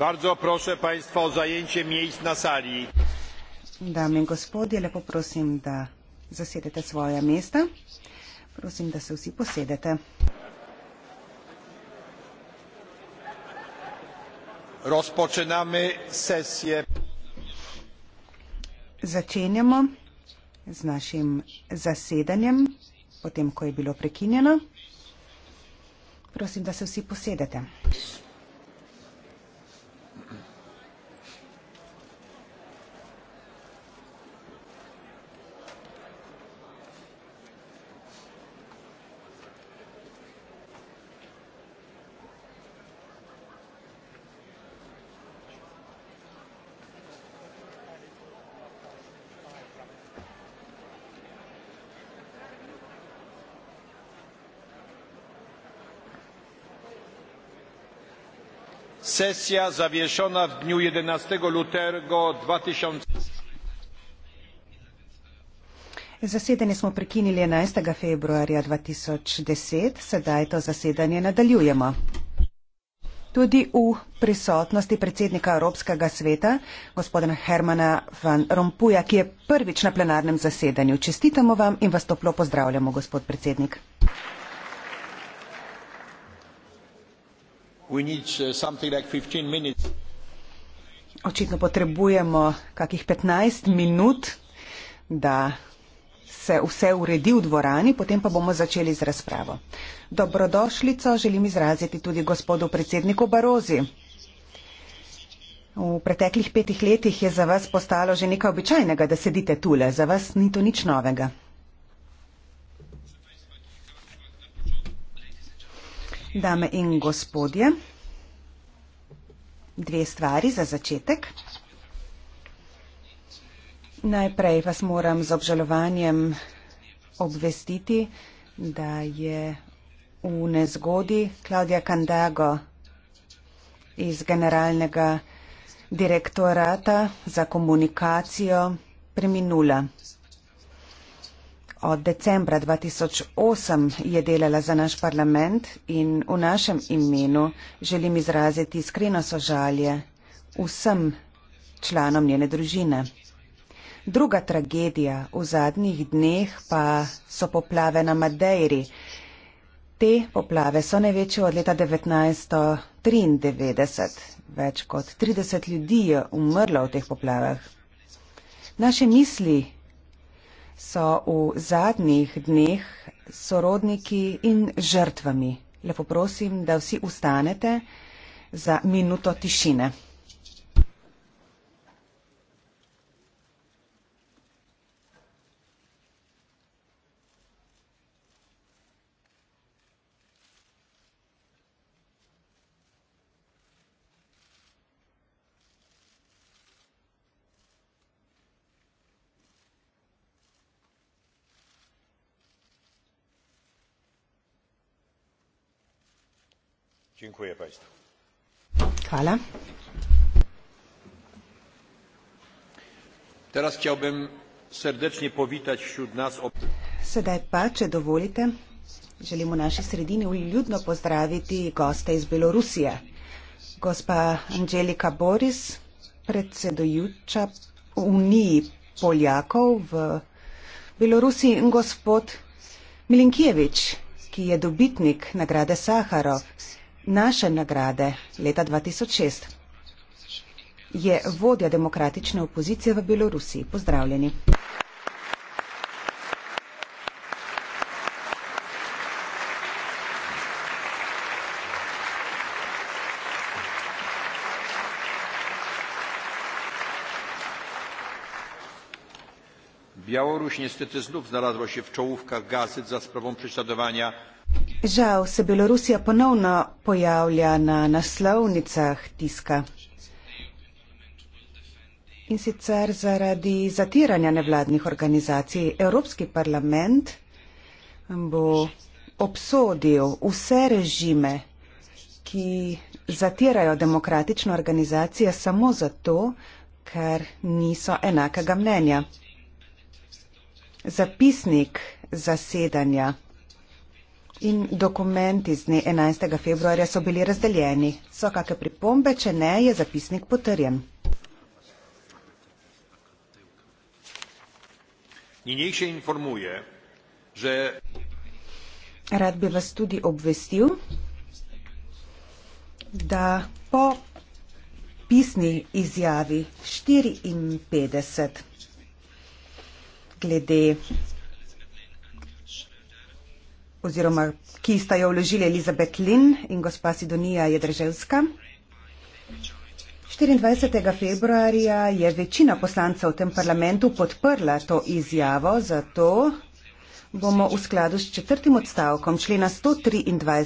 bardzo proszę państwa o zajęcie miejsc na sali dame in gospodje lepo prosim da zasedete svoja mesta prosim da se vsi posedete rozpoczynamy sesję začenjamo z našim zasedanjem potem ko je bilo prekinjeno prosim da se vsi posedete sesja zawieszona w dniu jedenaście lutego dwa tysiące Zasedanje smo prekinili 11. februarja 2010, sedaj to zasedanje nadaljujemo. Tudi v prisotnosti predsednika Evropskega sveta, gospodina Hermana van Rompuja, ki je prvič na plenarnem zasedanju. Čestitamo vam in vas toplo pozdravljamo, gospod predsednik. Uh, Očitno potrebujemo kakih 15 minut, da se vse uredi v dvorani, potem pa bomo začeli z razpravo. Dobrodošlico želim izraziti tudi gospodu predsedniku Barozi. V preteklih petih letih je za vas postalo že nekaj običajnega, da sedite tule. Za vas ni to nič novega. Dame in gospodje, dve stvari za začetek. Najprej vas moram z obžalovanjem obvestiti, da je v nezgodi Klaudija Kandago iz generalnega direktorata za komunikacijo preminula. Od decembra 2008 je delala za naš parlament in v našem imenu želim izraziti iskreno sožalje vsem članom njene družine. Druga tragedija v zadnjih dneh pa so poplave na Madejri. Te poplave so največje od leta 1993. Več kot 30 ljudi je umrlo v teh poplavah. Naše misli so v zadnjih dneh sorodniki in žrtvami. Lepo prosim, da vsi ustanete za minuto tišine. dziękuję państwu. Kala. Teraz chciałbym serdecznie powitać wśród nas Sedaj pa, če dovolite, želimo naši sredini uljudno pozdraviti goste iz Belorusije. Gospa Angelika Boris, predsedujuča Uniji Poljakov v Belorusiji in gospod Milinkjevič, ki je dobitnik nagrade Saharov naše nagrade leta 2006. Je vodja demokratične opozicije v Belorusiji. Pozdravljeni. Białoruś niestety znów znalazła się w czołówkach gazet za sprawą prześladowania Žal se Belorusija ponovno pojavlja na naslovnicah tiska. In sicer zaradi zatiranja nevladnih organizacij. Evropski parlament bo obsodil vse režime, ki zatirajo demokratično organizacijo samo zato, ker niso enakega mnenja. Zapisnik zasedanja. In dokumenti z dne 11. februarja so bili razdeljeni. So kakšne pripombe, če ne, je zapisnik potrjen. Niniejsze informuje, że rad by was tudi obvestil, da po pisni izjavi 54 glede oziroma ki sta jo vložili Elizabeth Lynn in gospa Sidonija Jedrževska. 24. februarja je večina poslancev v tem parlamentu podprla to izjavo, zato bomo v skladu s četrtim odstavkom člena 123.